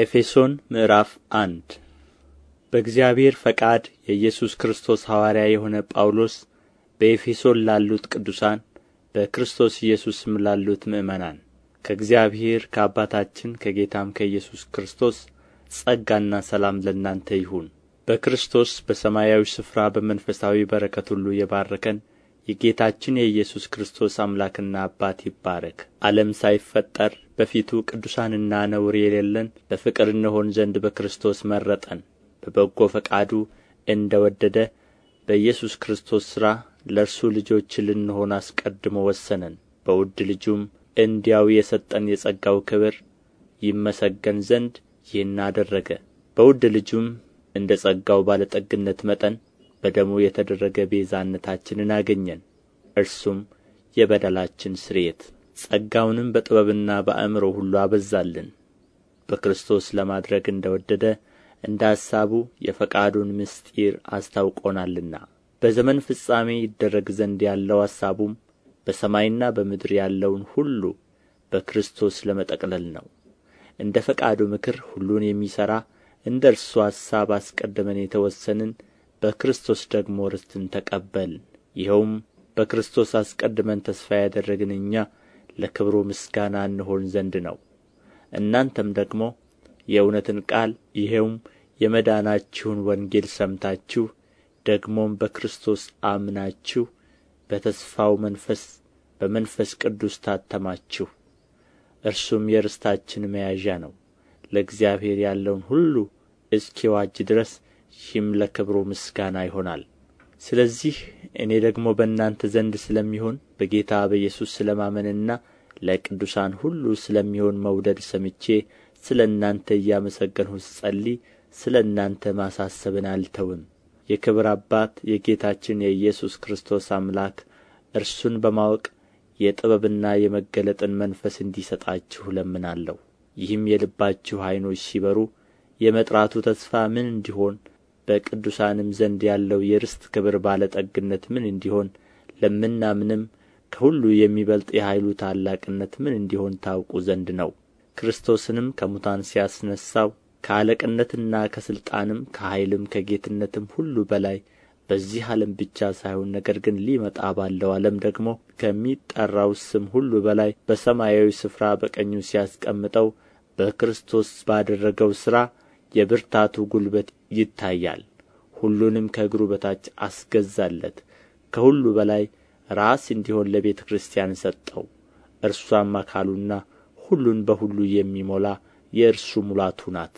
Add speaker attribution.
Speaker 1: ኤፌሶን ምዕራፍ አንድ በእግዚአብሔር ፈቃድ የኢየሱስ ክርስቶስ ሐዋርያ የሆነ ጳውሎስ በኤፌሶን ላሉት ቅዱሳን በክርስቶስ ኢየሱስም ላሉት ምእመናን ከእግዚአብሔር ከአባታችን ከጌታም ከኢየሱስ ክርስቶስ ጸጋና ሰላም ለእናንተ ይሁን በክርስቶስ በሰማያዊ ስፍራ በመንፈሳዊ በረከት ሁሉ የባረከን የጌታችን የኢየሱስ ክርስቶስ አምላክና አባት ይባረክ ዓለም ሳይፈጠር በፊቱ ቅዱሳንና ነውር የሌለን በፍቅር እንሆን ዘንድ በክርስቶስ መረጠን በበጎ ፈቃዱ እንደ ወደደ በኢየሱስ ክርስቶስ ሥራ ለእርሱ ልጆች ልንሆን አስቀድሞ ወሰነን። በውድ ልጁም እንዲያው የሰጠን የጸጋው ክብር ይመሰገን ዘንድ ይህን አደረገ። በውድ ልጁም እንደ ጸጋው ባለጠግነት መጠን በደሙ የተደረገ ቤዛነታችንን አገኘን እርሱም የበደላችን ስርየት ጸጋውንም በጥበብና በአእምሮ ሁሉ አበዛልን በክርስቶስ ለማድረግ እንደ ወደደ እንደ ሐሳቡ የፈቃዱን ምስጢር አስታውቆናልና በዘመን ፍጻሜ ይደረግ ዘንድ ያለው ሐሳቡም በሰማይና በምድር ያለውን ሁሉ በክርስቶስ ለመጠቅለል ነው እንደ ፈቃዱ ምክር ሁሉን የሚሠራ እንደ እርሱ ሐሳብ አስቀድመን የተወሰንን በክርስቶስ ደግሞ ርስትን ተቀበልን ይኸውም በክርስቶስ አስቀድመን ተስፋ ያደረግን እኛ ለክብሩ ምስጋና እንሆን ዘንድ ነው እናንተም ደግሞ የእውነትን ቃል ይኸውም የመዳናችሁን ወንጌል ሰምታችሁ ደግሞም በክርስቶስ አምናችሁ በተስፋው መንፈስ በመንፈስ ቅዱስ ታተማችሁ። እርሱም የርስታችን መያዣ ነው፣ ለእግዚአብሔር ያለውን ሁሉ እስኪዋጅ ድረስ ይህም ለክብሩ ምስጋና ይሆናል ስለዚህ እኔ ደግሞ በእናንተ ዘንድ ስለሚሆን በጌታ በኢየሱስ ስለ ማመንና ለቅዱሳን ሁሉ ስለሚሆን መውደድ ሰምቼ ስለ እናንተ እያመሰገንሁ ስጸልይ ስለ እናንተ ማሳሰብን አልተውም የክብር አባት የጌታችን የኢየሱስ ክርስቶስ አምላክ እርሱን በማወቅ የጥበብና የመገለጥን መንፈስ እንዲሰጣችሁ እለምናለሁ ይህም የልባችሁ ዐይኖች ሲበሩ የመጥራቱ ተስፋ ምን እንዲሆን በቅዱሳንም ዘንድ ያለው የርስት ክብር ባለ ጠግነት ምን እንዲሆን ለምናምንም ከሁሉ የሚበልጥ የኃይሉ ታላቅነት ምን እንዲሆን ታውቁ ዘንድ ነው ክርስቶስንም ከሙታን ሲያስነሣው ከአለቅነትና ከሥልጣንም ከኃይልም ከጌትነትም ሁሉ በላይ በዚህ ዓለም ብቻ ሳይሆን ነገር ግን ሊመጣ ባለው ዓለም ደግሞ ከሚጠራው ስም ሁሉ በላይ በሰማያዊ ስፍራ በቀኙ ሲያስቀምጠው በክርስቶስ ባደረገው ሥራ የብርታቱ ጉልበት ይታያል ሁሉንም ከእግሩ በታች አስገዛለት ከሁሉ በላይ ራስ እንዲሆን ለቤተ ክርስቲያን ሰጠው እርስዋም አካሉና ሁሉን በሁሉ የሚሞላ የእርሱ ሙላቱ ናት